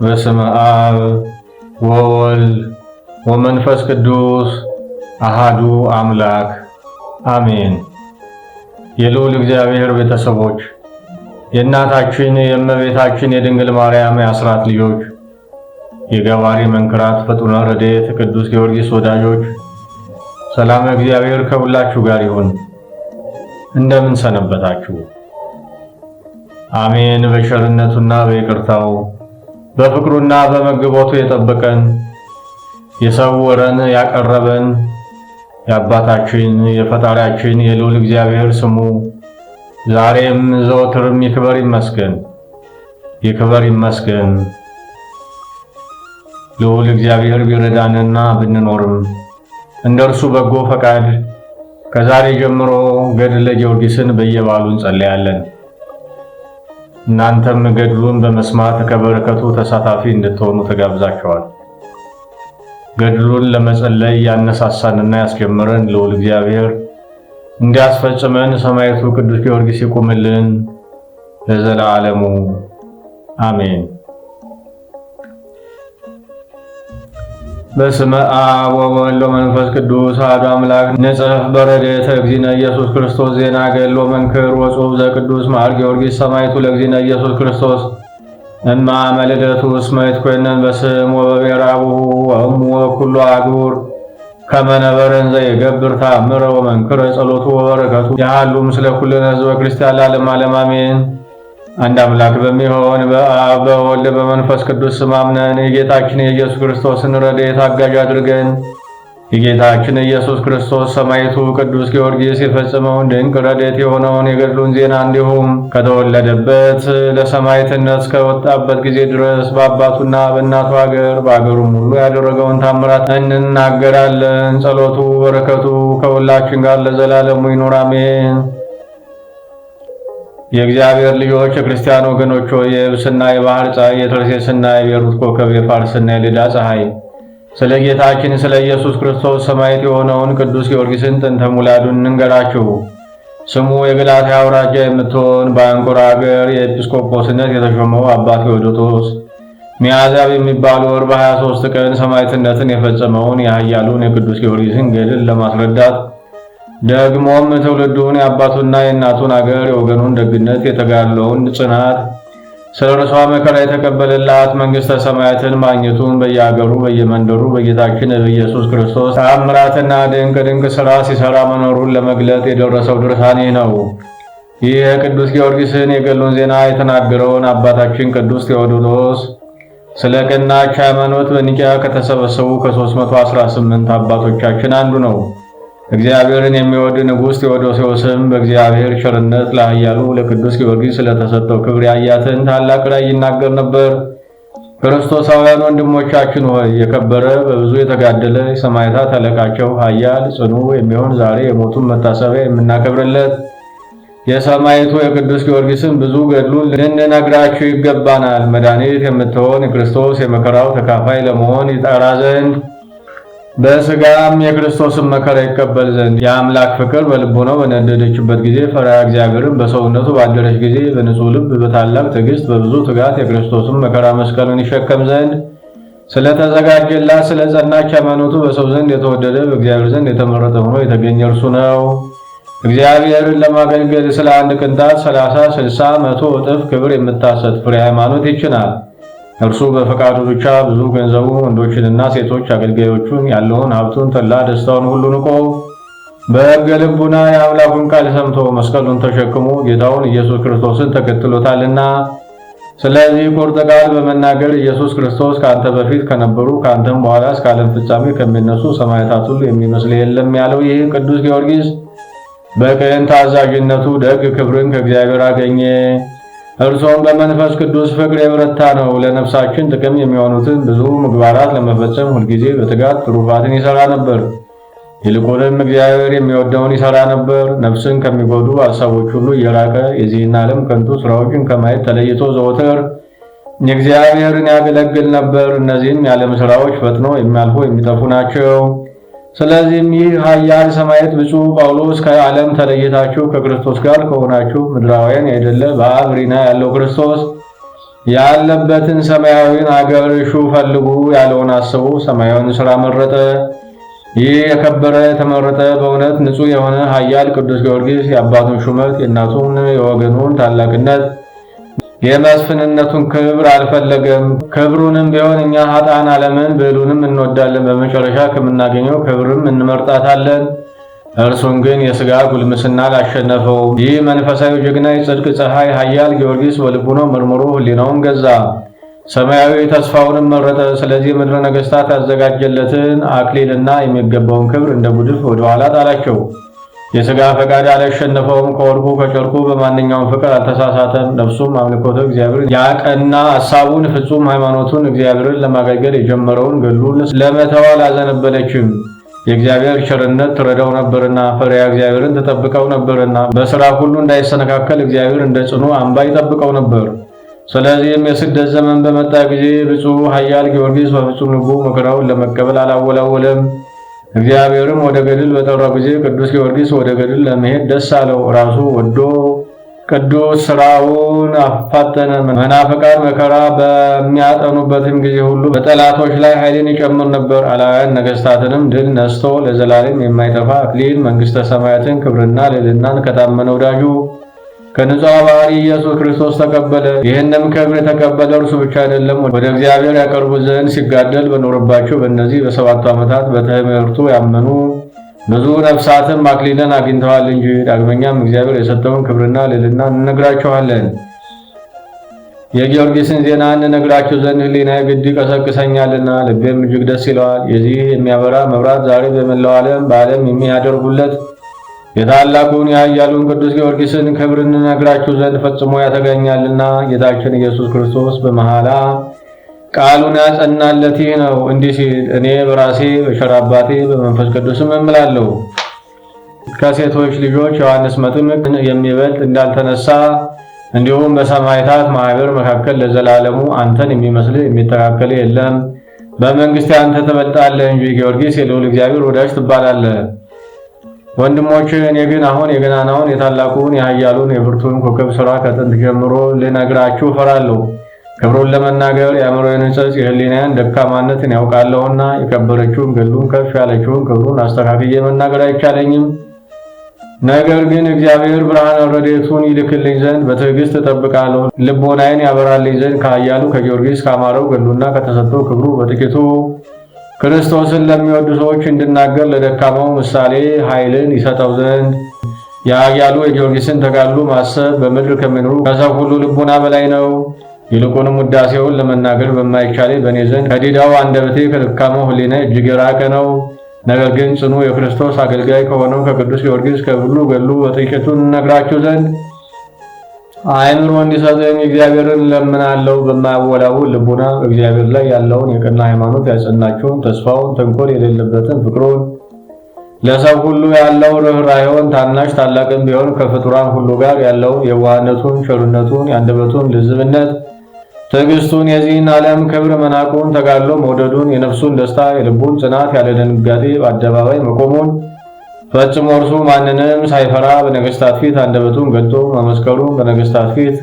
በስመ አብ ወወልድ ወመንፈስ ቅዱስ አሃዱ አምላክ አሜን። የልዑል እግዚአብሔር ቤተሰቦች የእናታችን የእመቤታችን የድንግል ማርያም የአስራት ልጆች የገባሪ መንክራት ፈጡነ ረድኤት ቅዱስ ጊዮርጊስ ወዳጆች ሰላም እግዚአብሔር ከሁላችሁ ጋር ይሁን። እንደምን ሰነበታችሁ? አሜን። በቸርነቱና በይቅርታው በፍቅሩና በመግቦቱ የጠበቀን የሰወረን ያቀረበን የአባታችን የፈጣሪያችን የልዑል እግዚአብሔር ስሙ ዛሬም ዘወትርም ይክበር ይመስገን፣ ይክበር ይመስገን። ልዑል እግዚአብሔር ቢረዳንና ብንኖርም እንደ እርሱ በጎ ፈቃድ ከዛሬ ጀምሮ ገድለ ጊዮርጊስን በየበዓሉ እንጸለያለን። እናንተም ገድሉን በመስማት ከበረከቱ ተሳታፊ እንድትሆኑ ተጋብዛችኋል። ገድሉን ለመጸለይ ያነሳሳንና ያስጀምረን! ልዑል እግዚአብሔር እንዲያስፈጽመን ሰማዕቱ ቅዱስ ጊዮርጊስ ይቁምልን ለዘላለሙ አሜን። በስመ አብ ወወልድ ወመንፈስ ቅዱስ አሐዱ አምላክ ንጽሕ በረድኤተ እግዚእነ ኢየሱስ ክርስቶስ ዜና ገድሎ መንክር ወጽሑፍ ዘቅዱስ መዓል ጊዮርጊስ ሰማዕቱ ለእግዚእነ ኢየሱስ ክርስቶስ እማ መልደቱ እስመ ይትኮነን በስም ወበብሔረ ወእሙ ወኩሉ አግቡር ከመ ነበረ እንዘ የገብር ተአምረ ወመንክረ ጸሎቱ ወበረከቱ ያሃሉ ምስለ ኩልነ ሕዝበ ክርስቲያን ለዓለመ ዓለም አሜን። አንድ አምላክ በሚሆን በአብ በወልድ በመንፈስ ቅዱስ ስም አምነን የጌታችን የኢየሱስ ክርስቶስን ረድኤት አጋዥ አድርገን የጌታችን ኢየሱስ ክርስቶስ ሰማዕቱ ቅዱስ ጊዮርጊስ የፈጸመውን ድንቅ ረድኤት የሆነውን የገድሉን ዜና እንዲሁም ከተወለደበት ለሰማዕትነት እስከወጣበት ጊዜ ድረስ በአባቱና በእናቱ አገር በአገሩም ሁሉ ያደረገውን ታምራት እንናገራለን። ጸሎቱ በረከቱ ከሁላችን ጋር ለዘላለሙ ይኑር አሜን። የእግዚአብሔር ልጆች የክርስቲያን ወገኖች ሆይ የብስና የባህር ፀሐይ፣ የተርሴስና የቤሩት ኮከብ፣ የፋርስና የሌዳ ፀሐይ ስለ ጌታችን ስለ ኢየሱስ ክርስቶስ ሰማዕት የሆነውን ቅዱስ ጊዮርጊስን ጥንተ ሙላዱን እንንገራችሁ። ስሙ የገላትያ አውራጃ የምትሆን በአንቆር አገር የኤጲስቆጶስነት የተሾመው አባ ቴዎዶጦስ ሚያዝያ የሚባል ወር በ23 ቀን ሰማዕትነትን የፈጸመውን የኃያሉን የቅዱስ ጊዮርጊስን ገድል ለማስረዳት ደግሞም ትውልዱን የአባቱና የእናቱን አገር የወገኑን ደግነት የተጋለውን ጽናት ስለ እርሷ መከራ የተቀበለላት መንግሥተ ሰማያትን ማግኘቱን በየአገሩ በየመንደሩ በጌታችን በኢየሱስ ክርስቶስ ተአምራትና ድንቅ ድንቅ ሥራ ሲሠራ መኖሩን ለመግለጥ የደረሰው ድርሳን ይህ ነው። ይህ የቅዱስ ጊዮርጊስን የገሉን ዜና የተናገረውን አባታችን ቅዱስ ቴዎዶሎስ ስለ ቀናች ሃይማኖት በኒቅያ ከተሰበሰቡ ከ318 አባቶቻችን አንዱ ነው። እግዚአብሔርን የሚወድ ንጉሥ ቴዎዶሲዎስም በእግዚአብሔር ቸርነት ለኃያሉ ለቅዱስ ጊዮርጊስ ስለተሰጠው ክብር ያያትን ታላቅ ላይ ይናገር ነበር። ክርስቶሳውያን ወንድሞቻችን ሆይ የከበረ በብዙ የተጋደለ የሰማዕታት አለቃቸው ኃያል ጽኑ የሚሆን ዛሬ የሞቱን መታሰቢያ የምናከብርለት የሰማዕቱ የቅዱስ ጊዮርጊስን ብዙ ገድሉን ልንነግራችሁ ይገባናል። መድኃኒት የምትሆን የክርስቶስ የመከራው ተካፋይ ለመሆን ይጠራ ዘንድ በስጋም የክርስቶስን መከራ ይቀበል ዘንድ የአምላክ ፍቅር በልቡናው በነደደችበት ጊዜ ፈሪሃ እግዚአብሔርን በሰውነቱ ባደረች ጊዜ በንጹህ ልብ በታላቅ ትዕግስት በብዙ ትጋት የክርስቶስን መከራ መስቀሉን ይሸከም ዘንድ ስለተዘጋጀላት ስለ ጸናች ሃይማኖቱ በሰው ዘንድ የተወደደ በእግዚአብሔር ዘንድ የተመረጠ ሆኖ የተገኘ እርሱ ነው። እግዚአብሔርን ለማገልገል ስለ አንድ ቅንጣት ሰላሳ ስልሳ መቶ እጥፍ ክብር የምታሰጥ ፍሬ ሃይማኖት ይችናል። እርሱ በፈቃዱ ብቻ ብዙ ገንዘቡ ወንዶችንና ሴቶች አገልጋዮቹን ያለውን ሀብቱን ተላ ደስታውን ሁሉ ንቆ በሕገ ልቡና የአምላኩን ቃል ሰምቶ መስቀሉን ተሸክሞ ጌታውን ኢየሱስ ክርስቶስን ተከትሎታልና። ስለዚህ ቁርጥ ቃል በመናገር ኢየሱስ ክርስቶስ ከአንተ በፊት ከነበሩ ከአንተም በኋላ እስከ ዓለም ፍጻሜ ከሚነሱ ሰማዕታት ሁሉ የሚመስል የለም ያለው ይህ ቅዱስ ጊዮርጊስ በቅን ታዛዥነቱ ደግ ክብርን ከእግዚአብሔር አገኘ። እርሶም በመንፈስ ቅዱስ ፍቅር የበረታ ነው። ለነፍሳችን ጥቅም የሚሆኑትን ብዙ ምግባራት ለመፈጸም ሁልጊዜ በትጋት ትሩፋትን ይሰራ ነበር። ይልቁንም እግዚአብሔር የሚወደውን ይሰራ ነበር። ነፍስን ከሚጎዱ ሀሳቦች ሁሉ እየራቀ የዚህን ዓለም ከንቱ ስራዎችን ከማየት ተለይቶ ዘወትር እግዚአብሔርን ያገለግል ነበር። እነዚህም የዓለም ሥራዎች ፈጥኖ የሚያልፉ የሚጠፉ ናቸው። ስለዚህም ይህ ኃያል ሰማዕት ብፁዕ ጳውሎስ ከዓለም ተለይታችሁ ከክርስቶስ ጋር ከሆናችሁ ምድራውያን አይደለ በአብ ሪና ያለው ክርስቶስ ያለበትን ሰማያዊን አገር እሹ ፈልጉ ያለውን አስቡ ሰማያዊን ስራ መረጠ። ይህ የከበረ የተመረጠ በእውነት ንጹሕ የሆነ ኃያል ቅዱስ ጊዮርጊስ የአባቱን ሹመት የእናቱን የወገኑን ታላቅነት የመስፍንነቱን ክብር አልፈለገም። ክብሩንም ቢሆን እኛ ሀጣን ዓለምን ብዕሉንም እንወዳለን፣ በመጨረሻ ከምናገኘው ክብርም እንመርጣታለን። እርሱን ግን የሥጋ ጉልምስና ላሸነፈው ይህ መንፈሳዊ ጀግና የጽድቅ ፀሐይ ኃያል ጊዮርጊስ በልቡኖ መርምሮ ሕሊናውን ገዛ፣ ሰማያዊ ተስፋውንም መረጠ። ስለዚህ ምድረ ነገሥታት ያዘጋጀለትን አክሊልና የሚገባውን ክብር እንደ ጉድፍ ወደኋላ ጣላቸው። የሥጋ ፈቃድ አላሸነፈውም። ከወርቁ ከጨርቁ በማንኛውም ፍቅር አልተሳሳተም። ነፍሱም አምልኮተ እግዚአብሔር ያቀና ሐሳቡን ፍጹም ሃይማኖቱን እግዚአብሔርን ለማገልገል የጀመረውን ገድሉን ለመተው አላዘነበለችም። የእግዚአብሔር ቸርነት ትረዳው ነበርና ፈሪያ እግዚአብሔርን ትጠብቀው ነበርና በሥራ ሁሉ እንዳይሰነካከል እግዚአብሔር እንደ ጽኑ አምባ ይጠብቀው ነበር። ስለዚህም የስደት ዘመን በመጣ ጊዜ ብፁዕ ኃያል ጊዮርጊስ በፍጹም ልቡ መከራውን ለመቀበል አላወላወለም። እግዚአብሔርም ወደ ገድል በጠራው ጊዜ ቅዱስ ጊዮርጊስ ወደ ገድል ለመሄድ ደስ አለው። ራሱ ወዶ ቅዱስ ስራውን አፋጠነ። መናፍቃን መከራ በሚያጠኑበትም ጊዜ ሁሉ በጠላቶች ላይ ኃይልን ይጨምር ነበር። አላውያን ነገስታትንም ድል ነስቶ ለዘላለም የማይጠፋ አክሊል መንግስተ ሰማያትን ክብርና ልዕልናን ከታመነ ወዳጁ ከንጹሕ ባህሪ ኢየሱስ ክርስቶስ ተቀበለ። ይህንም ክብር የተቀበለ እርሱ ብቻ አይደለም፣ ወደ እግዚአብሔር ያቀርቡ ዘንድ ሲጋደል በኖርባቸው በእነዚህ በሰባቱ ዓመታት በትምህርቱ ያመኑ ብዙ ነፍሳትም አክሊለን አግኝተዋል እንጂ። ዳግመኛም እግዚአብሔር የሰጠውን ክብርና ልልና እንነግራቸዋለን። የጊዮርጊስን ዜና እንነግራችሁ ዘንድ ህሊና ግድ ቀሰቅሰኛልና ልቤም እጅግ ደስ ይለዋል። የዚህ የሚያበራ መብራት ዛሬ በመላው ዓለም በዓለም የሚያደርጉለት የታላቁን የኃያሉን ቅዱስ ጊዮርጊስን ክብርን ነግራችሁ ዘንድ ፈጽሞ ያተገኛልና ጌታችን ኢየሱስ ክርስቶስ በመሐላ ቃሉን ያጸናለት ይህ ነው። እንዲህ ሲል እኔ በራሴ በሸራ አባቴ በመንፈስ ቅዱስም እምላለሁ ከሴቶች ልጆች ዮሐንስ መጥምቅ የሚበልጥ እንዳልተነሳ እንዲሁም በሰማይታት ማህበር መካከል ለዘላለሙ አንተን የሚመስል የሚተካከል የለም። በመንግስት አንተ ትበልጣለህ እንጂ ጊዮርጊስ የልዑል እግዚአብሔር ወዳጅ ትባላለህ። ወንድሞች እኔ ግን አሁን የገናናውን የታላቁን የኃያሉን የብርቱን ኮከብ ስራ ከጥንት ጀምሮ ልነግራችሁ እፈራለሁ። ክብሩን ለመናገር የአእምሮዬን ሕጸጽ የሕሊናዬን ደካማነትን ያውቃለሁና የከበረችውን ገሉን ከፍ ያለችውን ክብሩን አስተካክዬ መናገር አይቻለኝም። ነገር ግን እግዚአብሔር ብርሃን ረድኤቱን ይልክልኝ ዘንድ በትዕግሥት እጠብቃለሁ። ልቦናዬን ያበራልኝ ዘንድ ከኃያሉ ከጊዮርጊስ ካማረው ገሉና ከተሰጠው ክብሩ በጥቂቱ ክርስቶስን ለሚወዱ ሰዎች እንድናገር ለደካማው ምሳሌ ኃይልን ይሰጠው ዘንድ ያያሉ የጊዮርጊስን ተጋድሎ ማሰብ በምድር ከሚኖሩ ከሰው ሁሉ ልቡና በላይ ነው። ይልቁንም ውዳሴውን ለመናገር በማይቻሌ በእኔ ዘንድ ከዲዳው አንደበቴ ከደካማው ሕሊና እጅግ የራቀ ነው። ነገር ግን ጽኑ የክርስቶስ አገልጋይ ከሆነው ከቅዱስ ጊዮርጊስ ከብሉ ገሉ በጥቂቱ እንነግራችሁ ዘንድ አይምሮ እንዲሰጠኝ እግዚአብሔርን ለምናለው። በማያወላውል ልቡና እግዚአብሔር ላይ ያለውን የቀና ሃይማኖት ያጸናችሁን፣ ተስፋውን ተንኮል የሌለበትን ፍቅሩን፣ ለሰው ሁሉ ያለው ርኅራኄውን፣ ታናሽ ታላቅም ቢሆን ከፍጡራን ሁሉ ጋር ያለው የዋህነቱን፣ ቸርነቱን፣ የአንደበቱን ልዝብነት፣ ትዕግስቱን፣ የዚህን ዓለም ክብር መናቁን፣ ተጋድሎ መውደዱን፣ የነፍሱን ደስታ፣ የልቡን ጽናት፣ ያለ ድንጋጤ በአደባባይ መቆሙን ፈጽሞ እርሱ ማንንም ሳይፈራ በነገስታት ፊት አንደበቱን ገልጦ መመስከሩ በነገስታት ፊት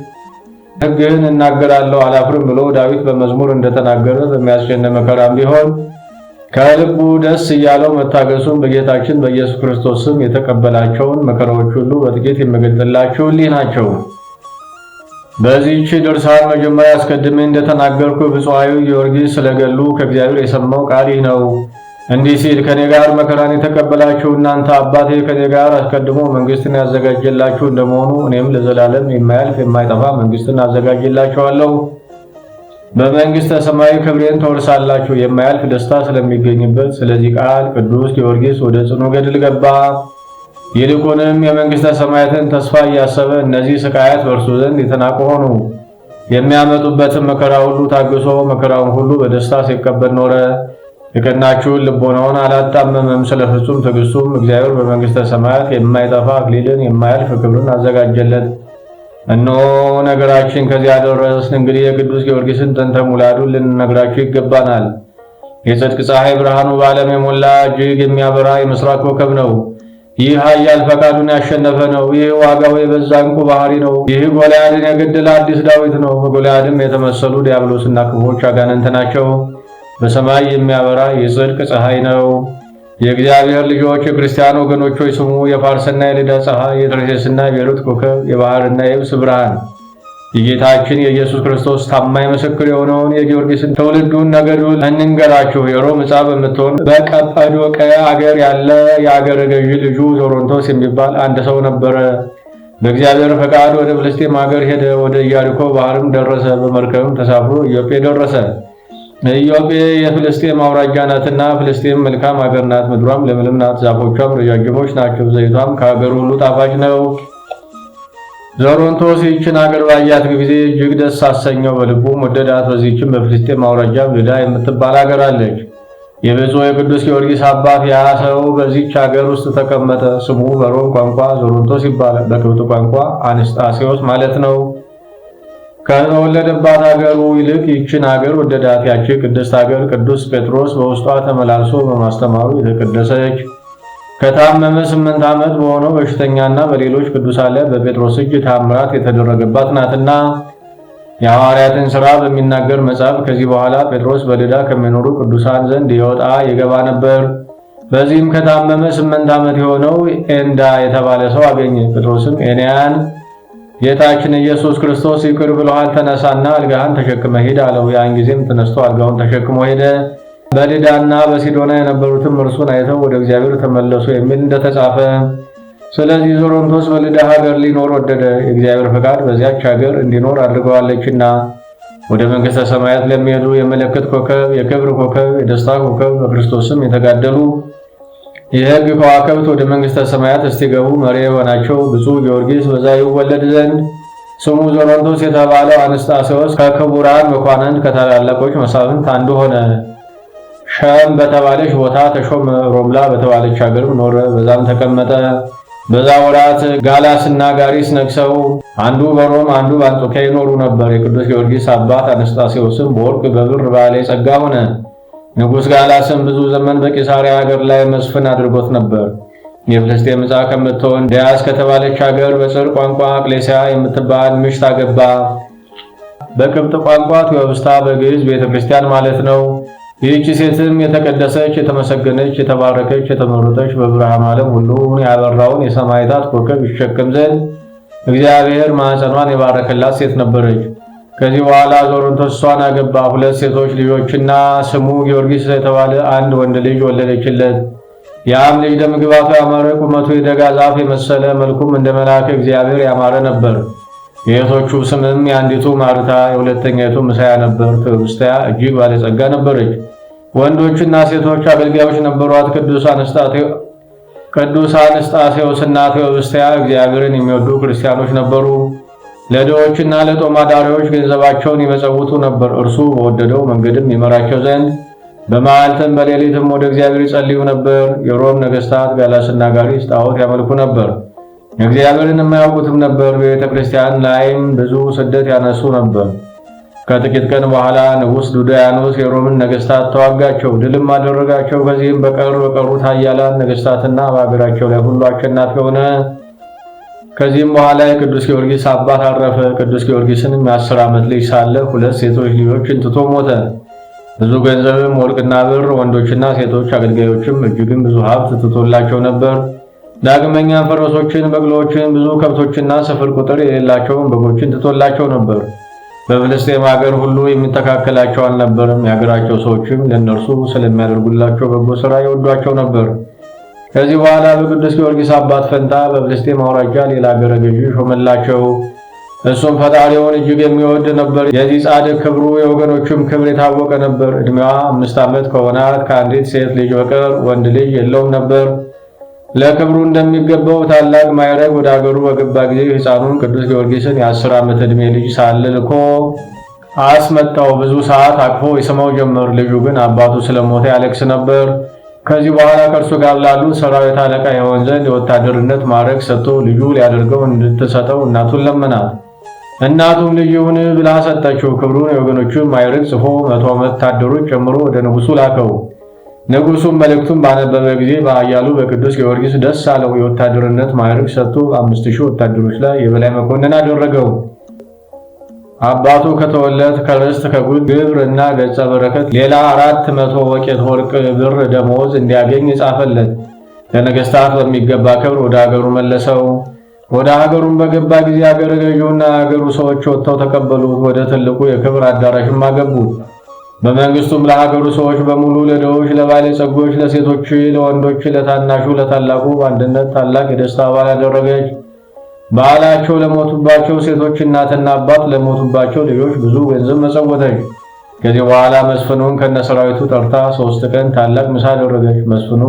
ሕግህን እናገራለሁ አላፍርም ብሎ ዳዊት በመዝሙር እንደተናገረ በሚያስቸንቅ መከራም ቢሆን ከልቡ ደስ እያለው መታገሱን በጌታችን በኢየሱስ ክርስቶስ ስም የተቀበላቸውን መከራዎች ሁሉ በጥቂት የምገልጥላችሁ እሊህ ናቸው። በዚህች ድርሳን መጀመሪያ አስቀድሜ እንደተናገርኩ ብፁዕ ጊዮርጊስ ስለገሉ ከእግዚአብሔር የሰማው ቃል ይህ ነው። እንዲህ ሲል ከኔ ጋር መከራን የተቀበላችሁ እናንተ አባቴ ከኔ ጋር አስቀድሞ መንግስትን ያዘጋጀላችሁ እንደመሆኑ እኔም ለዘላለም የማያልፍ የማይጠፋ መንግስትን አዘጋጀላችኋለሁ። በመንግስተ ሰማይ ክብሬን ተወርሳላችሁ የማያልፍ ደስታ ስለሚገኝበት ስለዚህ ቃል ቅዱስ ጊዮርጊስ ወደ ጽኑ ገድል ገባ። ይልቁንም የመንግስተ ሰማያትን ተስፋ እያሰበ እነዚህ ስቃያት በእርሱ ዘንድ የተናቁ ሆኑ። የሚያመጡበትን መከራ ሁሉ ታግሶ መከራውን ሁሉ በደስታ ሲቀበል ኖረ። የቀናችሁን ልቦናውን አላጣመመም። ስለ ፍጹም ትዕግስቱም እግዚአብሔር በመንግሥተ ሰማያት የማይጠፋ አክሊልን የማያልፍ ክብርን አዘጋጀለት። እነሆ ነገራችን ከዚያ ደረስን። እንግዲህ የቅዱስ ጊዮርጊስን ጥንተ ሙላዱን ልንነግራችሁ ይገባናል። የጽድቅ ፀሐይ ብርሃኑ በዓለም የሞላ እጅግ የሚያበራ የምስራቅ ኮከብ ነው። ይህ ኃያል ፈቃዱን ያሸነፈ ነው። ይህ ዋጋው የበዛ ዕንቁ ባህሪ ነው። ይህ ጎልያድን የገደለ አዲስ ዳዊት ነው። በጎልያድም የተመሰሉ ዲያብሎስና ክፉዎች አጋንንት ናቸው። በሰማይ የሚያበራ የጽድቅ ፀሐይ ነው። የእግዚአብሔር ልጆች የክርስቲያን ወገኖች ሆይ ስሙ። የፋርስና የልዳ ፀሐይ፣ የጠርሴስና የቤሩት ኮከብ፣ የባህርና የብስ ብርሃን የጌታችን የኢየሱስ ክርስቶስ ታማኝ ምስክር የሆነውን የጊዮርጊስን ትውልዱን ነገዱን እንንገራችሁ። የሮም ዕፃ በምትሆን በቀጰዶቅያ አገር ያለ የአገረ ገዢ ልጁ ዞሮንቶስ የሚባል አንድ ሰው ነበረ። በእግዚአብሔር ፈቃድ ወደ ፍልስጤም አገር ሄደ። ወደ ኢያሪኮ ባህርም ደረሰ። በመርከብም ተሳፍሮ ኢዮጴ ደረሰ። ኢዮጴ የፍልስጤም አውራጃ ናትና ፍልስጤም መልካም ሀገር ናት። ምድሯም ለምለም ናት፣ ዛፎቿም ረጃጅሞች ናቸው። ዘይቷም ከሀገር ሁሉ ጣፋጭ ነው። ዘሮንቶስ ይህችን ሀገር ባያት ጊዜ እጅግ ደስ አሰኘው፣ በልቡም ወደዳት። በዚህችን በፍልስጤም ማውራጃ ልዳ የምትባል ሀገር አለች። የብፁዕ የቅዱስ ጊዮርጊስ አባት ያ ሰው በዚች ሀገር ውስጥ ተቀመጠ። ስሙ በሮም ቋንቋ ዞሮንቶስ ይባላል፣ በቅብጥ ቋንቋ አንስጣሴዎስ ማለት ነው። ከተወለደባት ሀገሩ ይልቅ ይችን አገር ወደዳት። ያቺ ቅድስት ሀገር ቅዱስ ጴጥሮስ በውስጧ ተመላልሶ በማስተማሩ የተቀደሰች ከታመመ ስምንት ዓመት በሆነው በሽተኛና በሌሎች ቅዱሳን ላይ በጴጥሮስ እጅ ታምራት የተደረገባት ናትና። የሐዋርያትን ሥራ በሚናገር መጽሐፍ ከዚህ በኋላ ጴጥሮስ በልዳ ከሚኖሩ ቅዱሳን ዘንድ የወጣ የገባ ነበር። በዚህም ከታመመ ስምንት ዓመት የሆነው ኤንዳ የተባለ ሰው አገኘ። ጴጥሮስም ኤንያን ጌታችን ኢየሱስ ክርስቶስ ይቅር ብሎሃል፣ ተነሳና አልጋህን ተሸክመ ሂድ አለው። ያን ጊዜም ተነስቶ አልጋውን ተሸክሞ ሄደ። በሊዳና በሲዶና የነበሩትም እርሱን አይተው ወደ እግዚአብሔር ተመለሱ የሚል እንደተጻፈ። ስለዚህ ዞሮንቶስ በሊዳ ሀገር ሊኖር ወደደ። የእግዚአብሔር ፈቃድ በዚያች ሀገር እንዲኖር አድርገዋለችና ወደ መንግሥተ ሰማያት ለሚሄዱ የመለከት ኮከብ፣ የክብር ኮከብ፣ የደስታ ኮከብ በክርስቶስም የተጋደሉ የሕግ ከዋክብት ወደ መንግሥተ ሰማያት እስቲገቡ መሪ የሆናቸው ብፁዕ ጊዮርጊስ በዛ ይወለድ ዘንድ ስሙ ዞሮንቶስ የተባለው አንስታሴዎስ ከክቡራን መኳንንት ከታላላቆች መሳፍንት አንዱ ሆነ። ሸም በተባለች ቦታ ተሾመ። ሮምላ በተባለች ሀገር ኖረ፣ በዛም ተቀመጠ። በዛ ወራት ጋላስና ጋሪስ ነግሰው አንዱ በሮም አንዱ በአንጾኪያ ይኖሩ ነበር። የቅዱስ ጊዮርጊስ አባት አንስታሴዎስም በወርቅ በብር ባለ ጸጋ ሆነ። ንጉሥ ጋላስም ብዙ ዘመን በቂሳሪያ ሀገር ላይ መስፍን አድርጎት ነበር። የፍልስጤም ዕፃ ከምትሆን ዲያስ ከተባለች ሀገር በጽር ቋንቋ ቅሌሲያ የምትባል ምሽት አገባ። በቅብጥ ቋንቋ ትወብስታ፣ በግዕዝ ቤተ ክርስቲያን ማለት ነው። ይህቺ ሴትም የተቀደሰች የተመሰገነች የተባረከች የተመረጠች በብርሃን ዓለም ሁሉ ያበራውን የሰማዕታት ኮከብ ይሸከም ዘንድ እግዚአብሔር ማዕፀኗን የባረከላት ሴት ነበረች። ከዚህ በኋላ ዞሩን ተስሷን አገባ። ሁለት ሴቶች ልጆችና ስሙ ጊዮርጊስ የተባለ አንድ ወንድ ልጅ ወለደችለት። ያም ልጅ ደምግባቱ ያማረ ቁመቱ የደጋ ዛፍ የመሰለ መልኩም እንደ መልአከ እግዚአብሔር ያማረ ነበር። የእህቶቹ ስምም የአንዲቱ ማርታ የሁለተኛይቱ ምሳያ ነበር። ትውስታያ እጅግ ባለጸጋ ነበረች። ወንዶችና ሴቶች አገልጋዮች ነበሯት። ቅዱስ እስጣሴዎስና ትውስታያ እግዚአብሔርን የሚወዱ ክርስቲያኖች ነበሩ። ለድሆችና ለጦም አዳሪዎች ገንዘባቸውን ይመጸውቱ ነበር። እርሱ በወደደው መንገድም ይመራቸው ዘንድ በመዓልትም በሌሊትም ወደ እግዚአብሔር ይጸልዩ ነበር። የሮም ነገሥታት ጋላስና ጋሪስ ጣዖት ያመልኩ ነበር፣ እግዚአብሔርን የማያውቁትም ነበር። በቤተ ክርስቲያን ላይም ብዙ ስደት ያነሱ ነበር። ከጥቂት ቀን በኋላ ንጉሥ ዱዳያኖስ የሮምን ነገሥታት ተዋጋቸው፣ ድልም አደረጋቸው። ከዚህም በቀር በቀሩት ኃያላን ነገሥታትና በአገራቸው ላይ ሁሉ አሸናፊ ሆነ። ከዚህም በኋላ የቅዱስ ጊዮርጊስ አባት አረፈ። ቅዱስ ጊዮርጊስንም የአስር ዓመት ልጅ ሳለ ሁለት ሴቶች ልጆችን ትቶ ሞተ። ብዙ ገንዘብም፣ ወርቅና ብር፣ ወንዶችና ሴቶች አገልጋዮችም እጅግም ብዙ ሀብት ትቶላቸው ነበር። ዳግመኛ ፈረሶችን፣ በቅሎዎችን፣ ብዙ ከብቶችና ስፍር ቁጥር የሌላቸውን በጎችን ትቶላቸው ነበር። በፍልስጤም ሀገር ሁሉ የሚተካከላቸው አልነበርም። የሀገራቸው ሰዎችም ለእነርሱ ስለሚያደርጉላቸው በጎ ስራ ይወዷቸው ነበር። ከዚህ በኋላ በቅዱስ ጊዮርጊስ አባት ፈንታ በፍልስጤም አውራጃ ሌላ አገረ ገዢ ሾመላቸው። እሱም ፈጣሪውን እጅግ የሚወድ ነበር። የዚህ ጻድቅ ክብሩ የወገኖቹም ክብር የታወቀ ነበር። እድሜዋ አምስት ዓመት ከሆናት ከአንዲት ሴት ልጅ በቀር ወንድ ልጅ የለውም ነበር። ለክብሩ እንደሚገባው ታላቅ ማዕረግ ወደ አገሩ በገባ ጊዜ ሕፃኑን ቅዱስ ጊዮርጊስን የአስር ዓመት ዕድሜ ልጅ ሳለ ልኮ አስመጣው። ብዙ ሰዓት አቅፎ ይስመው ጀመር። ልጁ ግን አባቱ ስለሞተ ያለቅስ ነበር። ከዚህ በኋላ ከእርሱ ጋር ላሉ ሰራዊት አለቃ የሆን ዘንድ የወታደርነት ማዕረግ ሰጥቶ ልዩ ሊያደርገው እንድትሰጠው እናቱን ለመናት። እናቱም ልዩውን ብላ ሰጠችው። ክብሩን የወገኖቹን ማዕረግ ጽፎ መቶ ወታደሮች ጨምሮ ወደ ንጉሱ ላከው። ንጉሱም መልእክቱን ባነበበ ጊዜ በአያሉ በቅዱስ ጊዮርጊስ ደስ አለው። የወታደርነት ማዕረግ ሰጥቶ አምስት ሺህ ወታደሮች ላይ የበላይ መኮንን አደረገው። አባቱ ከተወለት ከርስት ከጉል ግብር እና ገጸ በረከት ሌላ አራት መቶ ወቄት ወርቅ ብር ደመወዝ እንዲያገኝ ጻፈለት። ለነገስታት በሚገባ ክብር ወደ አገሩ መለሰው። ወደ ሀገሩን በገባ ጊዜ አገረ ገዢውና የአገሩ ሰዎች ወጥተው ተቀበሉት። ወደ ትልቁ የክብር አዳራሽም አገቡት። በመንግስቱም ለሀገሩ ሰዎች በሙሉ ለባለ ጸጎች፣ ለሴቶች፣ ለወንዶች፣ ለታናሹ፣ ለታላቁ በአንድነት ታላቅ የደስታ በዓል አደረገች። ባላቸው ለሞቱባቸው ሴቶች እናትና አባት ለሞቱባቸው ልጆች ብዙ ገንዘብ መጸወተች። ከዚህ በኋላ መስፍኑን ከነሰራዊቱ ጠርታ ሶስት ቀን ታላቅ ምሳ አደረገች። መስፍኑ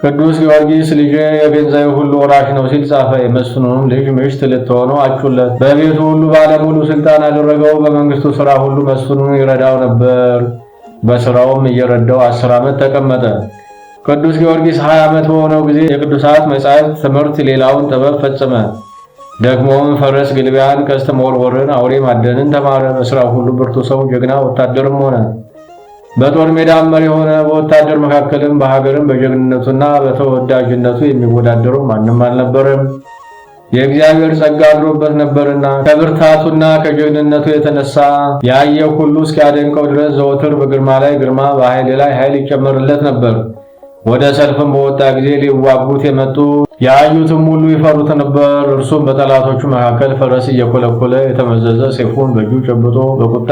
ቅዱስ ጊዮርጊስ ልጄ የቤንዛዩ ሁሉ ወራሽ ነው ሲል ጻፈ። የመስፍኑንም ልጅ ምሽት ልትሆነው አጩለት። በቤቱ ሁሉ ባለሙሉ ስልጣን አደረገው። በመንግስቱ ሥራ ሁሉ መስፍኑን ይረዳው ነበር። በሥራውም እየረዳው አስር ዓመት ተቀመጠ። ቅዱስ ጊዮርጊስ ሀያ ዓመት በሆነው ጊዜ የቅዱሳት መጻሕፍት ትምህርት ሌላውን ጥበብ ፈጸመ። ደግሞም ፈረስ ግልቢያን፣ ቀስት መወርወርን፣ አውሬ ማደንን ተማረ። በሥራው ሁሉ ብርቱ ሰው ጀግና ወታደርም ሆነ። በጦር ሜዳ መሪ ሆነ። በወታደር መካከልም በሀገርም በጀግንነቱና በተወዳጅነቱ የሚወዳደሩ ማንም አልነበረም፣ የእግዚአብሔር ጸጋ አድሮበት ነበርና። ከብርታቱና ከጀግንነቱ የተነሳ ያየው ሁሉ እስኪያደንቀው ድረስ ዘወትር በግርማ ላይ ግርማ፣ በኃይል ላይ ኃይል ይጨመርለት ነበር። ወደ ሰልፍም በወጣ ጊዜ ሊዋጉት የመጡ ያዩትም ሁሉ ይፈሩት ነበር። እርሱም በጠላቶቹ መካከል ፈረስ እየኮለኮለ የተመዘዘ ሰይፉን በእጁ ጨብጦ በቁጣ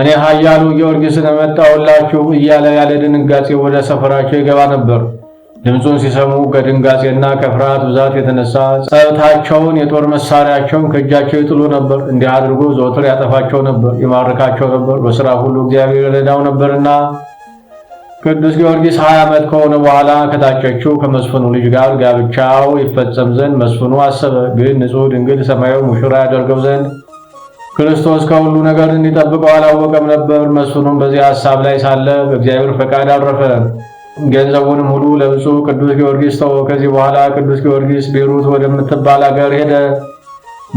እኔ ኃያሉ ጊዮርጊስን መጣሁላችሁ እያለ ያለ ድንጋጼ ወደ ሰፈራቸው ይገባ ነበር። ድምፁን ሲሰሙ ከድንጋጼና ከፍርሃት ብዛት የተነሳ ጸብታቸውን፣ የጦር መሳሪያቸውን ከእጃቸው ይጥሉ ነበር። እንዲህ አድርጎ ዘወትር ያጠፋቸው ነበር፣ ይማርካቸው ነበር። በሥራ ሁሉ እግዚአብሔር ይረዳው ነበርና ቅዱስ ጊዮርጊስ ሀያ ዓመት ከሆነ በኋላ ከታጨችው ከመስፍኑ ልጅ ጋር ጋብቻው ይፈጸም ዘንድ መስፍኑ አሰበ። ግን ንጹሕ ድንግል ሰማያዊ ሙሽራ ያደርገው ዘንድ ክርስቶስ ከሁሉ ነገር እንዲጠብቀው አላወቀም ነበር። መስፍኑም በዚህ ሐሳብ ላይ ሳለ በእግዚአብሔር ፈቃድ አረፈ። ገንዘቡንም ሁሉ ለብፁዕ ቅዱስ ጊዮርጊስ ተወ። ከዚህ በኋላ ቅዱስ ጊዮርጊስ ቤሩት ወደምትባል አገር ሄደ።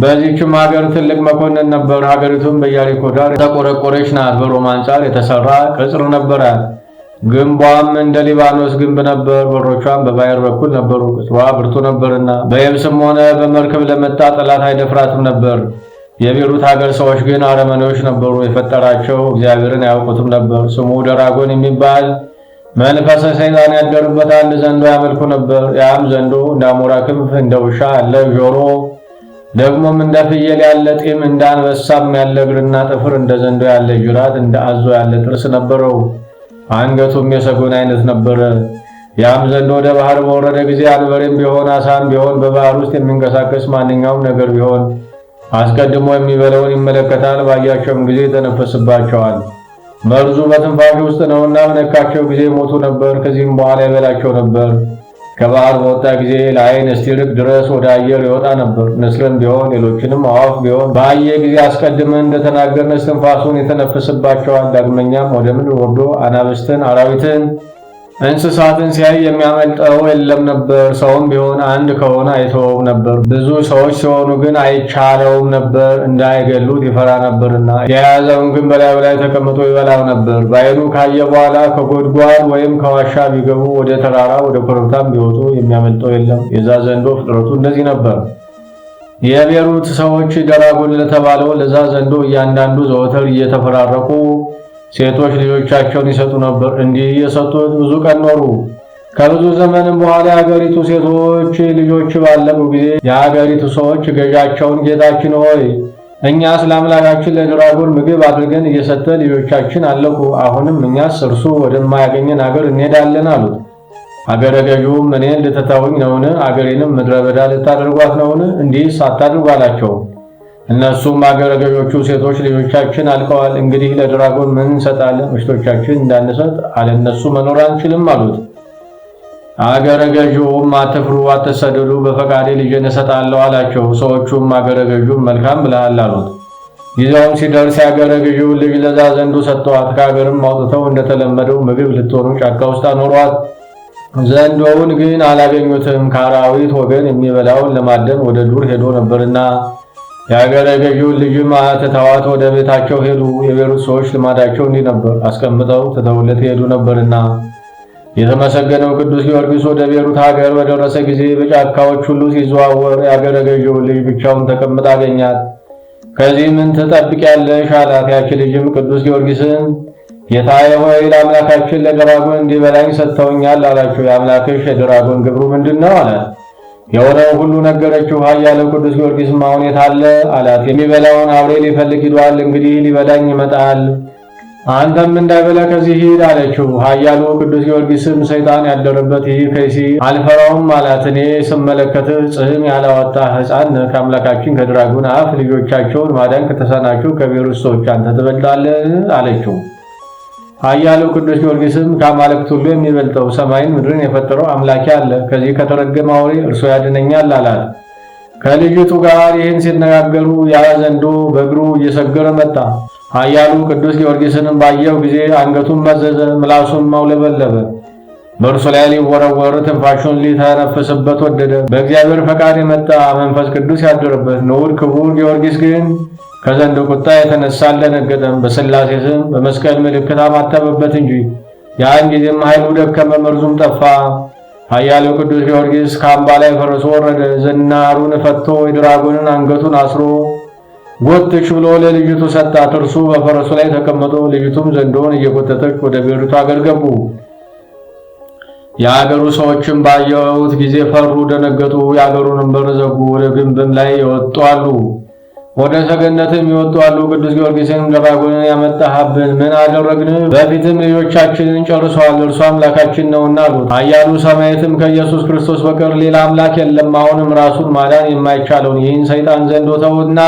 በዚህችም ሀገር ትልቅ መኮንን ነበር። ሀገሪቱም በኢያሪኮ ዳር የተቆረቆረች ናት። በሮም አንጻር የተሰራ ቅጽር ነበራት። ግንቧም እንደ ሊባኖስ ግንብ ነበር፣ በሮቿም በባህር በኩል ነበሩ። ቅጥሯ ብርቱ ነበርና በየብስም ሆነ በመርከብ ለመጣ ጠላት አይደፍራትም ነበር። የቤሩት ሀገር ሰዎች ግን አረመኔዎች ነበሩ፣ የፈጠራቸው እግዚአብሔርን አያውቁትም ነበር። ስሙ ደራጎን የሚባል መንፈሰ ሰይጣን ያደሩበት አንድ ዘንዶ ያመልኩ ነበር። ያም ዘንዶ እንደ አሞራ ክንፍ፣ እንደ ውሻ ያለ ጆሮ ደግሞም እንደ ፍየል ያለ ጢም፣ እንደ አንበሳም ያለ እግርና ጥፍር፣ እንደ ዘንዶ ያለ ጅራት፣ እንደ አዞ ያለ ጥርስ ነበረው። አንገቱም የሰጎን አይነት ነበረ። ያም ዘንድ ወደ ባህር በወረደ ጊዜ አንበሬም ቢሆን አሳም ቢሆን በባህር ውስጥ የሚንቀሳቀስ ማንኛውም ነገር ቢሆን አስቀድሞ የሚበለውን ይመለከታል። ባያቸውም ጊዜ ይተነፈስባቸዋል። መርዙ በትንፋሽ ውስጥ ነውና በነካቸው ጊዜ ሞቱ ነበር። ከዚህም በኋላ ይበላቸው ነበር። ከባህር በወጣ ጊዜ ለአይን እስቲርቅ ድረስ ወደ አየር ይወጣ ነበር። ንስርም ቢሆን ሌሎችንም አዋፍ ቢሆን በአየ ጊዜ አስቀድመን እንደተናገርን እስትንፋሱን የተነፍስባቸዋል። ዳግመኛም ወደ ምድር ወርዶ አናብስትን፣ አራዊትን እንስሳትን ሲያይ የሚያመልጠው የለም ነበር። ሰውም ቢሆን አንድ ከሆነ አይተወውም ነበር። ብዙ ሰዎች ሲሆኑ ግን አይቻለውም ነበር፣ እንዳይገሉት ይፈራ ነበርና። የያዘውን ግን በላዩ ላይ ተቀምጦ ይበላው ነበር። በዓይኑ ካየ በኋላ ከጎድጓድ ወይም ከዋሻ ቢገቡ፣ ወደ ተራራ ወደ ኮረብታም ቢወጡ የሚያመልጠው የለም። የዛ ዘንዶ ፍጥረቱ እንደዚህ ነበር። የቤሩት ሰዎች ደራጎን ለተባለው ለዛ ዘንዶ እያንዳንዱ ዘወትር እየተፈራረቁ ሴቶች ልጆቻቸውን ይሰጡ ነበር። እንዲህ እየሰጡ ብዙ ቀን ኖሩ። ከብዙ ዘመንም በኋላ የአገሪቱ ሴቶች ልጆች ባለቁ ጊዜ የአገሪቱ ሰዎች ገዣቸውን ጌታችን ሆይ እኛስ ለአምላካችን ለድራጎን ምግብ አድርገን እየሰጠ ልጆቻችን አለቁ። አሁንም እኛስ እርሱ ወደማያገኘን አገር እንሄዳለን አሉት። አገረ ገዢውም እኔን ልትተውኝ ነውን? አገሬንም ምድረ በዳ ልታደርጓት ነውን? እንዲህስ አታድርጉ እነሱም አገረገዦቹ ሴቶች ልጆቻችን አልቀዋል፣ እንግዲህ ለድራጎን ምን እንሰጣለን? ምሽቶቻችን እንዳንሰጥ አለነሱ መኖር አንችልም አሉት። አገረ ገዢውም አትፍሩ፣ አትሰደዱ፣ በፈቃዴ ልጄን እሰጣለሁ አላቸው። ሰዎቹም አገረ መልካም ብለሃል አሉት። ጊዜውም ሲደርስ የአገረ ልጅ ለዛ ዘንዱ ሰጥተዋት፣ ከሀገርም አውጥተው እንደተለመደው ምግብ ልትሆኑ ጫካ ውስጥ አኖሯት። ዘንዶውን ግን አላገኙትም፣ ከአራዊት ወገን የሚበላውን ለማደን ወደ ዱር ሄዶ ነበርና የአገረ ገዢውን ልጅም ትተዋት ወደ ቤታቸው ሄዱ። የቤሩት ሰዎች ልማዳቸው እንዲህ ነበር፣ አስቀምጠው ትተውለት ሄዱ ነበርና። የተመሰገነው ቅዱስ ጊዮርጊስ ወደ ቤሩት ሀገር በደረሰ ጊዜ በጫካዎች ሁሉ ሲዘዋወር የአገረ ገዢውን ልጅ ብቻውን ተቀምጣ አገኛት። ከዚህ ምን ትጠብቂያለሽ አላት። ያቺ ልጅም ቅዱስ ጊዮርጊስን ጌታዬ ሆይ ለአምላካችን ለደራጎን እንዲበላኝ ሰጥተውኛል አላቸው። የአምላክሽ የድራጎን ግብሩ ምንድን ነው አላት። የሆነው ሁሉ ነገረችው። ኃያለው ቅዱስ ጊዮርጊስም አሁን የት አለ አላት። የሚበላውን አውሬ ሊፈልግ ሂዷል፣ እንግዲህ ሊበላኝ ይመጣል፣ አንተም እንዳይበላ ከዚህ ሂድ አለችው። ኃያሉ ቅዱስ ጊዮርጊስም ሰይጣን ያደረበት ይህ ከይሲ አልፈራውም አላት። እኔ ስመለከትህ ጽህም ያላወጣ ሕፃን ከአምላካችን ከድራጉን አፍ ልጆቻቸውን ማዳን ከተሳናችሁ ከቤሩስ ሰዎች አንተ ትበልጣለህ አለችው። ኃያሉ ቅዱስ ጊዮርጊስም ከአማልክት ሁሉ የሚበልጠው ሰማይን ምድርን የፈጠረው አምላኬ አለ፣ ከዚህ ከተረገመ አውሬ እርሱ ያድነኛል አላል። ከልጅቱ ጋር ይህን ሲነጋገሩ ያ ዘንዶ በእግሩ እየሰገረ መጣ። ኃያሉ ቅዱስ ጊዮርጊስንም ባየው ጊዜ አንገቱን መዘዘ፣ ምላሱን መውለበለበ፣ በእርሱ ላይ ሊወረወር ትንፋሹን ሊተነፍስበት ወደደ። በእግዚአብሔር ፈቃድ የመጣ መንፈስ ቅዱስ ያደረበት ንዑድ ክቡር ጊዮርጊስ ግን ከዘንድ ቁጣ የተነሳ ደነገጠም፣ በስላሴ ስም በመስቀል ምልክት አማተበበት እንጂ ያን ጊዜም ኃይሉ ደከመ፣ መርዙም ጠፋ። ኃያሉ ቅዱስ ጊዮርጊስ ከአምባ ላይ ፈርሶ ወረደ። ዝናሩን ፈቶ የድራጎንን አንገቱን አስሮ ጎትች ብሎ ለልጅቱ ሰጣት። እርሱ በፈረሱ ላይ ተቀምጦ፣ ልጅቱም ዘንዶውን እየጎተተች ወደ ቤሪቱ አገር ገቡ። የአገሩ ሰዎችም ባየሁት ጊዜ ፈሩ፣ ደነገጡ። የአገሩንም በር ዘጉ፣ ወደ ግንብም ላይ ይወጡ አሉ። ወደ ሰገነትም ይወጡ አሉ። ቅዱስ ጊዮርጊስንም ድራጎንን ያመጣሃብን ምን አደረግን? በፊትም ልጆቻችንን ጨርሰዋል፣ እርሱ አምላካችን ነውና አሉት። አያሉ ሰማየትም ከኢየሱስ ክርስቶስ በቀር ሌላ አምላክ የለም፣ አሁንም ራሱን ማዳን የማይቻለውን ይህን ሰይጣን ዘንድ ተውና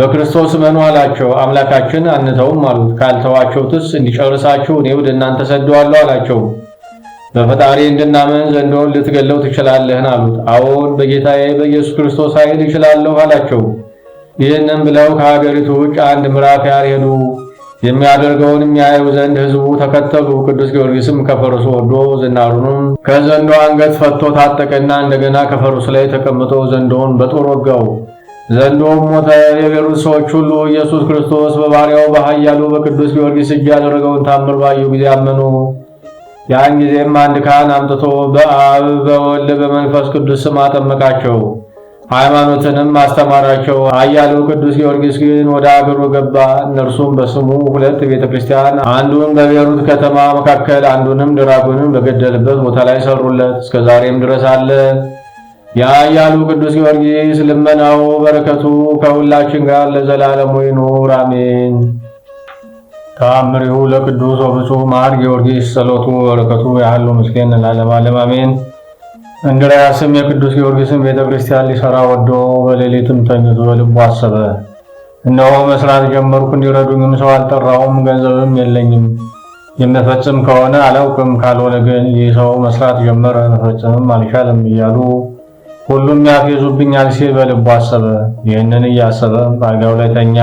በክርስቶስ መኑ አላቸው። አምላካችን አንተውም አሉት። ካልተዋቸውትስ እንዲጨርሳችሁ እኔ ወደ እናንተ ሰደዋለሁ አላቸው። በፈጣሪ እንድናመን ዘንዶን ልትገለው ትችላለህን? አሉት። አዎን በጌታዬ በኢየሱስ ክርስቶስ ኃይል ይችላለሁ አላቸው። ይህንም ብለው ከሀገሪቱ ውጭ አንድ ምዕራፍ ያህል ሄዱ። የሚያደርገውንም ዘንድ ህዝቡ ተከተሉ። ቅዱስ ጊዮርጊስም ከፈረሱ ወርዶ ዝናሩንም ከዘንዶ አንገት ፈቶ ታጠቀና እንደገና ከፈረሱ ላይ ተቀምጦ ዘንዶውን በጦር ወጋው። ዘንዶውም ሞተ። የቤሩት ሰዎች ሁሉ ኢየሱስ ክርስቶስ በባሪያው በኃያሉ በቅዱስ ጊዮርጊስ እጅ ያደረገውን ታምር ባዩ ጊዜ አመኑ። ያን ጊዜም አንድ ካህን አምጥቶ በአብ በወልድ በመንፈስ ቅዱስ ስም አጠመቃቸው። ሃይማኖትንም አስተማራቸው። አያሌው ቅዱስ ጊዮርጊስ ግን ወደ አገሩ ገባ። እነርሱም በስሙ ሁለት ቤተ ክርስቲያን፣ አንዱን በቤሩት ከተማ መካከል፣ አንዱንም ድራጎንን በገደልበት ቦታ ላይ ሰሩለት። እስከ ዛሬም ድረስ አለ። የአያሉ ቅዱስ ጊዮርጊስ ልመናው በረከቱ ከሁላችን ጋር ለዘላለሙ ይኑር አሜን። ተአምሪሁ ለቅዱስ ወብፁዕ መሐር ጊዮርጊስ ጸሎቱ በረከቱ ያህሉ ምስኪን ለዓለማለም አሜን። እንድርያስም የቅዱስ ጊዮርጊስን ቤተ ክርስቲያን ወዶ በሌሊትም ተኝቶ በልቡ አሰበ። እነሆ መስራት ጀመርኩ፣ እንዲረዱኝም ሰው አልጠራውም ገንዘብም የለኝም። የመፈጽም ከሆነ አላውቅም፣ ካልሆነ ግን ይህ ሰው መስራት ጀመረ፣ መፈጽምም አልቻለም እያሉ ሁሉም ያፌዙብኛል ሲል በልቡ አሰበ። ይህንን እያሰበ በአልጋው ላይ ተኛ።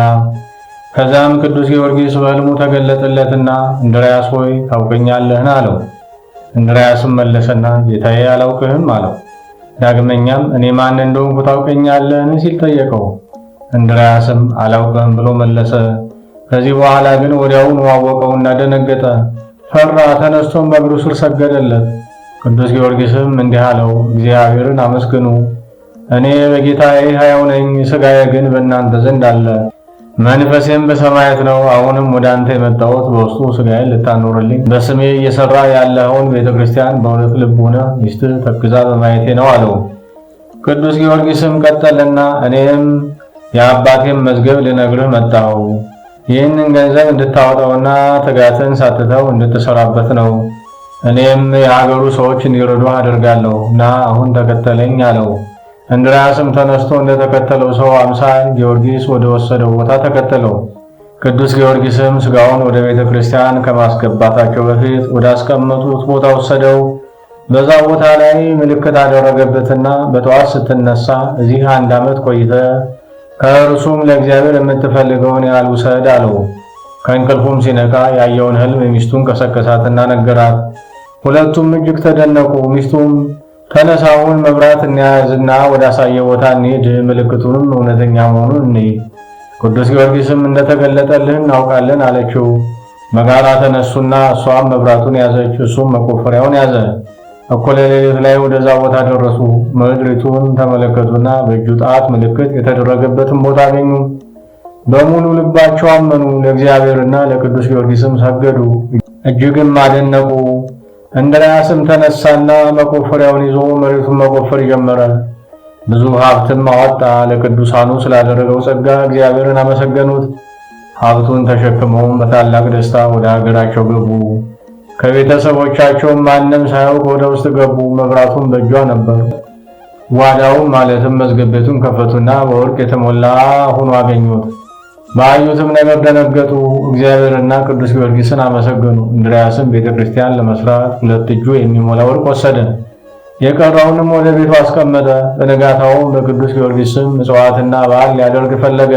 ከዚያም ቅዱስ ጊዮርጊስ በሕልሙ ተገለጠለትና እንድርያስ ሆይ ታውቀኛለህን? አለው። እንድርያስም መለሰና ጌታዬ አላውቅህም አለው። ዳግመኛም እኔ ማን እንደሆንኩ ታውቀኛለህን ሲል ጠየቀው። እንድርያስም አላውቅህም ብሎ መለሰ። ከዚህ በኋላ ግን ወዲያውኑ አወቀውና ደነገጠ፣ ፈራ። ተነስቶም በእግሩ ስር ሰገደለት። ቅዱስ ጊዮርጊስም እንዲህ አለው፣ እግዚአብሔርን አመስግኑ፣ እኔ በጌታዬ ሕያው ነኝ፣ ሥጋዬ ግን በእናንተ ዘንድ አለ። መንፈሴም በሰማያት ነው። አሁንም ወደ አንተ የመጣሁት በውስጡ ሥጋዬን ልታኖርልኝ በስሜ እየሰራ ያለውን ቤተ ክርስቲያን በእውነት ልብ ሆነ ሚስት ተክዛ በማየቴ ነው አለው። ቅዱስ ጊዮርጊስም ቀጠልና እኔም የአባቴም መዝገብ ልነግርህ መጣሁ። ይህንን ገንዘብ እንድታወጣውና ትጋትን ሳትተው እንድትሰራበት ነው። እኔም የሀገሩ ሰዎች እንዲረዱ አደርጋለሁ እና አሁን ተከተለኝ አለው። እንድርያስም ተነስቶ እንደተከተለው ሰው አምሳን ጊዮርጊስ ወደ ወሰደው ቦታ ተከተለው። ቅዱስ ጊዮርጊስም ስጋውን ወደ ቤተ ክርስቲያን ከማስገባታቸው በፊት ወደ አስቀመጡት ቦታ ወሰደው። በዛ ቦታ ላይ ምልክት አደረገበትና በጠዋት ስትነሳ እዚህ አንድ ዓመት ቆይተ ከእርሱም ለእግዚአብሔር የምትፈልገውን ያህል ውሰድ አለው። ከእንቅልፉም ሲነቃ ያየውን ሕልም ሚስቱን ቀሰቀሳትና ነገራት። ሁለቱም እጅግ ተደነቁ። ሚስቱም ተነሳውን መብራት እንያዝና ወደ አሳየ ቦታ እንሄድ! ምልክቱንም እውነተኛ መሆኑን እኔ ቅዱስ ጊዮርጊስም እንደተገለጠልህ እናውቃለን አለችው። መጋራ ተነሱና እሷም መብራቱን ያዘች፣ እሱም መቆፈሪያውን ያዘ። እኩለ ሌሊት ላይ ወደዛ ቦታ ደረሱ። ምድሪቱን ተመለከቱና በእጁ ጣት ምልክት የተደረገበትን ቦታ አገኙ። በሙሉ ልባቸው አመኑ፣ ለእግዚአብሔርና ለቅዱስ ጊዮርጊስም ሰገዱ፣ እጅግም አደነቁ። እንድርያስም ተነሳና መቆፈሪያውን ይዞ መሬቱን መቆፈር ጀመረ። ብዙ ሀብትም አወጣ። ለቅዱሳኑ ስላደረገው ጸጋ እግዚአብሔርን አመሰገኑት። ሀብቱን ተሸክመውም በታላቅ ደስታ ወደ አገራቸው ገቡ። ከቤተሰቦቻቸውም ማንም ሳያውቅ ወደ ውስጥ ገቡ። መብራቱን በእጇ ነበር። ዋዳውም ማለትም መዝገብ ቤቱን ከፈቱና በወርቅ የተሞላ ሆኖ አገኙት። ባዩትም ነገር ደነገጡ። እግዚአብሔርና ቅዱስ ጊዮርጊስን አመሰገኑ። እንድርያስም ቤተ ክርስቲያን ለመስራት ሁለት እጁ የሚሞላ ወርቅ ወሰደ፣ የቀረውንም ወደ ቤቱ አስቀመጠ። በነጋታውም በቅዱስ ጊዮርጊስም ስም ምጽዋትና በዓል ሊያደርግ ፈለገ።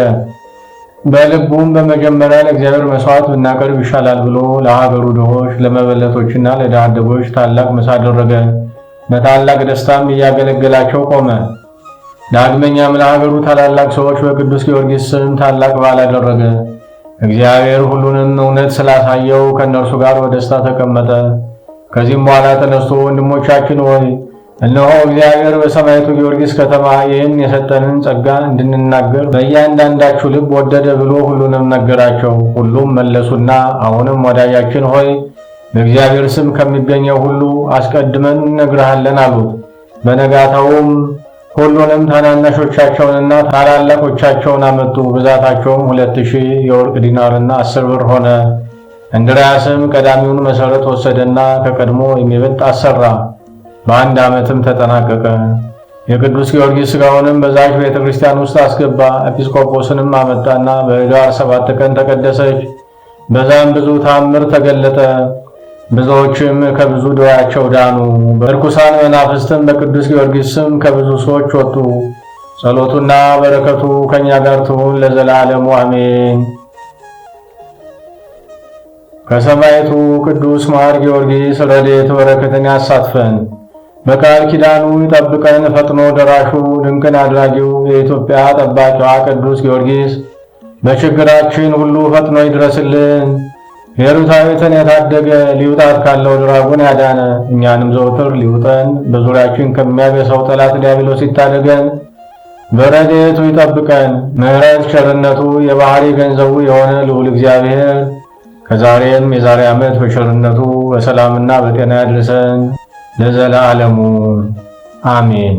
በልቡም በመጀመሪያ ለእግዚአብሔር መስዋዕት ብናቀርብ ይሻላል ብሎ ለሀገሩ ድሆች፣ ለመበለቶችና ለድሃ አደጎች ታላቅ ምሳ አደረገ። በታላቅ ደስታም እያገለገላቸው ቆመ። ዳግመኛም ለሀገሩ ታላላቅ ሰዎች በቅዱስ ጊዮርጊስ ስም ታላቅ በዓል አደረገ። እግዚአብሔር ሁሉንም እውነት ስላሳየው ከእነርሱ ጋር በደስታ ተቀመጠ። ከዚህም በኋላ ተነስቶ ወንድሞቻችን ሆይ እነሆ እግዚአብሔር በሰማዕቱ ጊዮርጊስ ከተማ ይህን የሰጠንን ጸጋ እንድንናገር በእያንዳንዳችሁ ልብ ወደደ ብሎ ሁሉንም ነገራቸው። ሁሉም መለሱና አሁንም ወዳጃችን ሆይ በእግዚአብሔር ስም ከሚገኘው ሁሉ አስቀድመን እነግርሃለን አሉት። በነጋታውም ሁሉንም ታናናሾቻቸውንና ታላላቆቻቸውን አመጡ። ብዛታቸውም ሁለት ሺህ የወርቅ ዲናርና አስር ብር ሆነ። እንድርያስም ቀዳሚውን መሠረት ወሰደና ከቀድሞ የሚበልጥ አሰራ። በአንድ ዓመትም ተጠናቀቀ። የቅዱስ ጊዮርጊስ ሥጋውንም በዛች ቤተ ክርስቲያን ውስጥ አስገባ። ኤጲስቆጶስንም አመጣና በኅዳር ሰባት ቀን ተቀደሰች። በዛም ብዙ ታምር ተገለጠ። ብዙዎችም ከብዙ ደዌያቸው ዳኑ። በርኩሳን መናፍስትም በቅዱስ ጊዮርጊስ ስም ከብዙ ሰዎች ወጡ። ጸሎቱና በረከቱ ከእኛ ጋር ትሁን ለዘላለሙ አሜን። ከሰማዕቱ ቅዱስ ማር ጊዮርጊስ ረድኤት በረከትን ያሳትፈን፣ በቃል ኪዳኑ ይጠብቀን። ፈጥኖ ደራሹ ድንቅን አድራጊው የኢትዮጵያ ጠባቂዋ ቅዱስ ጊዮርጊስ በችግራችን ሁሉ ፈጥኖ ይድረስልን። ቤሩታዊትን የታደገ ሊውጣት ካለው ድራጎን ያዳነ እኛንም ዘውትር ሊውጠን በዙሪያችን ከሚያበሳው ጠላት ዲያብሎስ ይታደገን፣ በረድኤቱ ይጠብቀን። ምሕረት ቸርነቱ የባህሪ ገንዘቡ የሆነ ልዑል እግዚአብሔር ከዛሬም የዛሬ ዓመት በቸርነቱ በሰላምና በጤና ያድርሰን ዓለሙ አሜን።